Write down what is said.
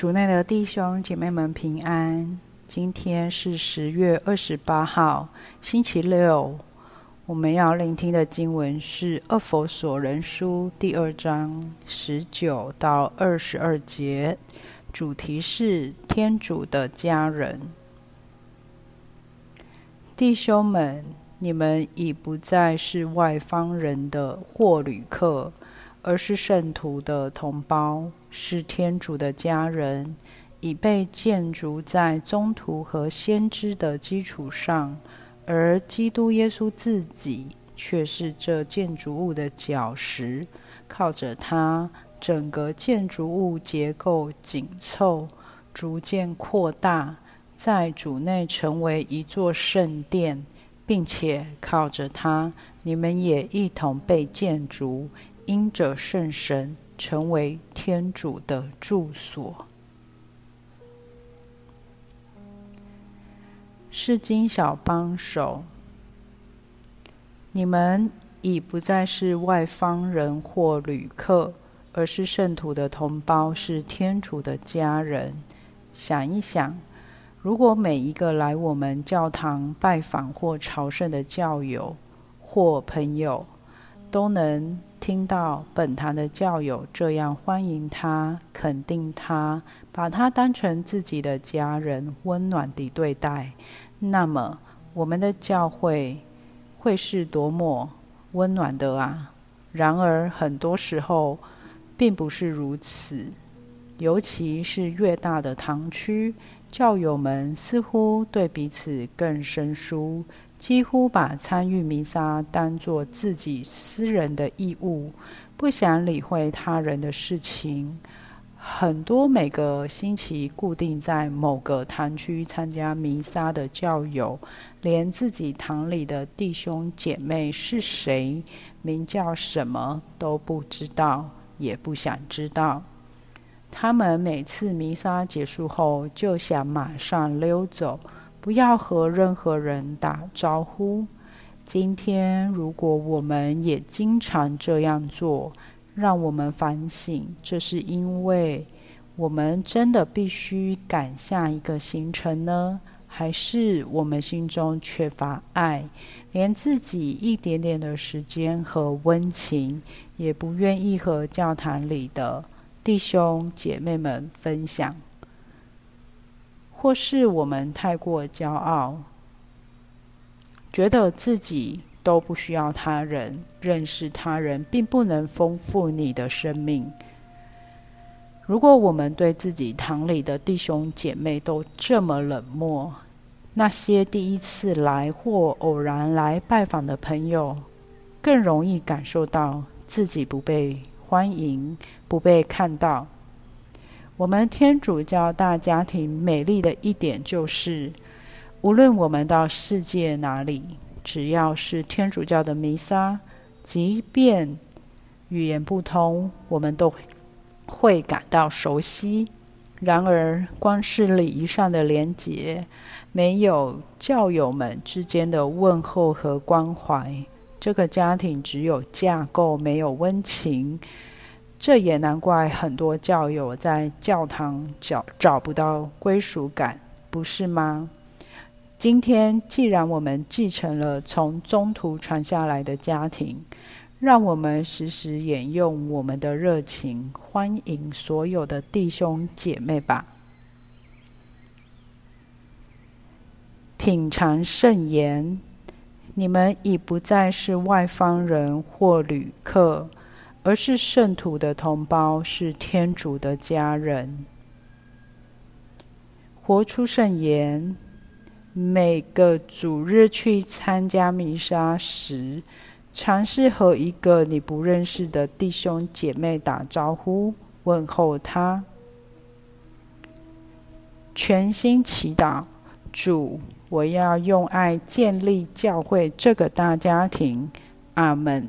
主內的弟兄姐妹們平安，今天是十月二十八號，星期六。我們要聆聽的經文是《厄弗所人書》第二章十九到二十二節，主題是天主的家人。弟兄們，你們已不再是外方人的或旅客。而是聖徒的同胞，是天主的家人，已被建築在宗徒和先知的基礎上，而基督耶穌自己卻是這建築物的角石，靠着祂，整個建築物結構緊湊，逐漸擴大，在主內成為一座聖殿，並且靠着祂，你們也一同被建築。因着聖神，成為天主的住所。釋經小幫手。你們已不再是外方人或旅客，而是聖徒的同胞，是天主的家人。想一想，如果每一個來我們教堂拜訪或朝聖的教友或朋友，都能。聽到本堂的教友這樣歡迎他、肯定他，把他當成自己的家人，溫暖地對待，那麼我們的教會會是多麼溫暖的啊！然而，很多時候並不是如此，尤其是越大的堂區，教友們似乎對彼此更生疏。幾乎把參與彌撒當作自己私人的義務，不想理會他人的事情。很多每個星期固定在某個堂區參加彌撒的教友，連自己堂裡的弟兄姐妹是誰、名叫什麼都不知道，也不想知道。他們每次彌撒結束後就想馬上溜走。不要和任何人打招呼。今天，如果我們也經常這樣做，讓我們反省，這是因為我們真的必須趕下一個行程呢？還是我們心中缺乏愛，連自己一點點的時間和溫情也不願意和教堂裡的弟兄姐妹們分享？或是我們太過驕傲，覺得自己都不需要他人，認識他人並不能豐富你的生命。如果我們對自己堂裡的弟兄姐妹都這麼冷漠，那些第一次來或偶然來拜訪的朋友，更容易感受到自己不被歡迎、不被看到。我們天主教大家庭美麗的一點就是，無論我們到世界哪裡，只要是天主教的彌撒，即便語言不通，我們都會感到熟悉。然而，光是禮儀上的連接，沒有教友們之間的問候和關懷，這個家庭只有架構，沒有溫情。這也難怪很多教友在教堂找不到歸屬感，不是嗎？今天，既然我們繼承了從宗徒傳下來的家庭，讓我們時時也用我們的熱情，歡迎所有的弟兄姐妹吧。品嚐聖言，你們已不再是外方人或旅客。而是聖徒的同胞，是天主的家人。活出聖言，每個主日去參加彌撒時，嘗試和一個你不認識的弟兄姐妹打招呼、問候他。全心祈禱，主，我要用愛建立教會這個大家庭。阿門。